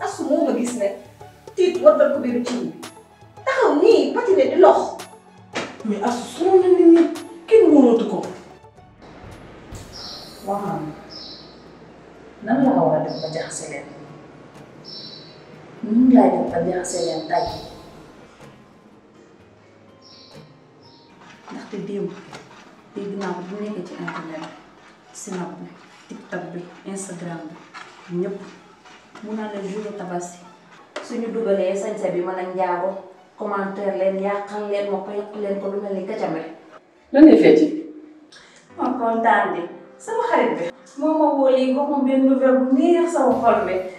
assumoo ma gis ne tit war dal ko biiru ci ni taxaw nii patine di lox mais asu sonn na nit ñi kenn wóorootu ko waxam nan la war a def ba jaxase leen nun laa def ba jaxase leen tay ndaxte démb dégg naa ko bu nekkee ci internet sinap bi tiktok bi instagram bi ñëpp mu naan la jour tabaski suñu dugalee sañse bi man ak njaago commentaire leen yàqal leen ma ko ko lu mel ni kacame lan ngay fecci man kontaan de sama xarit bi moo ma wóolee nga xam benn nouvelle bu neex